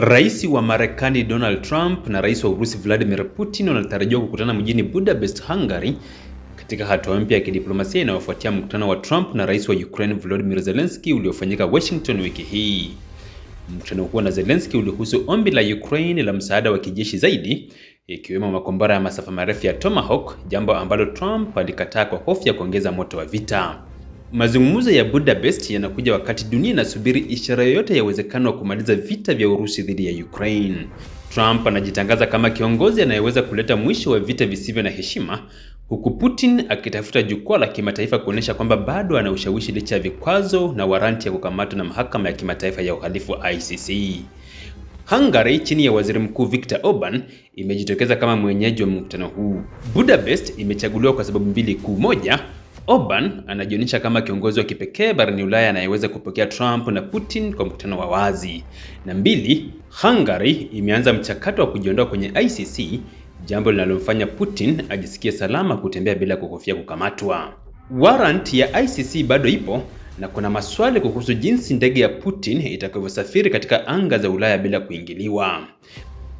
Rais wa Marekani Donald Trump na Rais wa Urusi Vladimir Putin wanatarajiwa kukutana mjini Budapest, Hungary katika hatua mpya ya kidiplomasia inayofuatia mkutano wa Trump na Rais wa Ukraine Volodymyr Zelensky uliofanyika Washington wiki hii. Mkutano huo na Zelensky ulihusu ombi la Ukraine la msaada wa kijeshi zaidi, ikiwemo makombora ya masafa marefu ya Tomahawk, jambo ambalo Trump alikataa kwa hofu ya kuongeza moto wa vita. Mazungumzo ya Budapest yanakuja wakati dunia inasubiri ishara yoyote ya uwezekano wa kumaliza vita vya Urusi dhidi ya Ukraine. Trump anajitangaza kama kiongozi anayeweza kuleta mwisho wa vita visivyo na heshima, huku Putin akitafuta jukwaa la kimataifa kuonyesha kwamba bado ana ushawishi licha ya vikwazo na waranti ya kukamatwa na mahakama ya kimataifa ya uhalifu ICC. Hungary chini ya waziri mkuu Viktor Orban imejitokeza kama mwenyeji wa mkutano huu. Budapest imechaguliwa kwa sababu mbili kuu: moja, Orban anajionyesha kama kiongozi wa kipekee barani Ulaya anayeweza kupokea Trump na Putin kwa mkutano wa wazi. Na mbili, Hungary imeanza mchakato wa kujiondoa kwenye ICC, jambo linalomfanya Putin ajisikie salama kutembea bila kuhofia kukamatwa. Warrant ya ICC bado ipo na kuna maswali kuhusu jinsi ndege ya Putin itakavyosafiri katika anga za Ulaya bila kuingiliwa.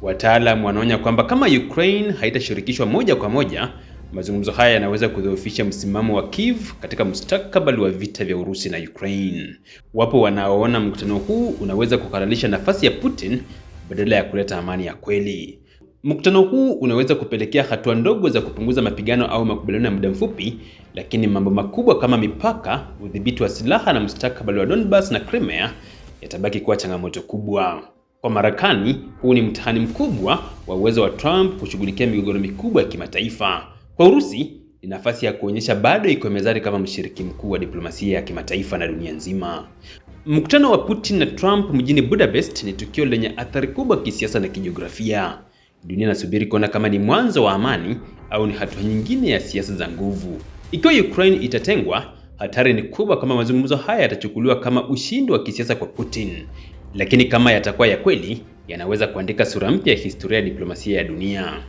Wataalamu wanaonya kwamba kama Ukraine haitashirikishwa moja kwa moja Mazungumzo haya yanaweza kudhoofisha msimamo wa Kiev katika mustakabali wa vita vya Urusi na Ukraine. Wapo wanaoona mkutano huu unaweza kukaralisha nafasi ya Putin badala ya kuleta amani ya kweli. Mkutano huu unaweza kupelekea hatua ndogo za kupunguza mapigano au makubaliano ya muda mfupi, lakini mambo makubwa kama mipaka, udhibiti wa silaha na mustakabali wa Donbas na Crimea yatabaki kuwa changamoto kubwa. Kwa Marekani, huu ni mtihani mkubwa wa uwezo wa Trump kushughulikia migogoro mikubwa ya kimataifa kwa Urusi ni nafasi ya kuonyesha bado iko mezani kama mshiriki mkuu wa diplomasia ya kimataifa na dunia nzima. Mkutano wa Putin na Trump mjini Budapest ni tukio lenye athari kubwa kisiasa na kijiografia. Dunia inasubiri kuona kama ni mwanzo wa amani au ni hatua nyingine ya siasa za nguvu. Ikiwa Ukraine itatengwa, hatari ni kubwa kama mazungumzo haya yatachukuliwa kama ushindi wa kisiasa kwa Putin, lakini kama yatakuwa ya kweli, yanaweza kuandika sura mpya ya historia ya diplomasia ya dunia.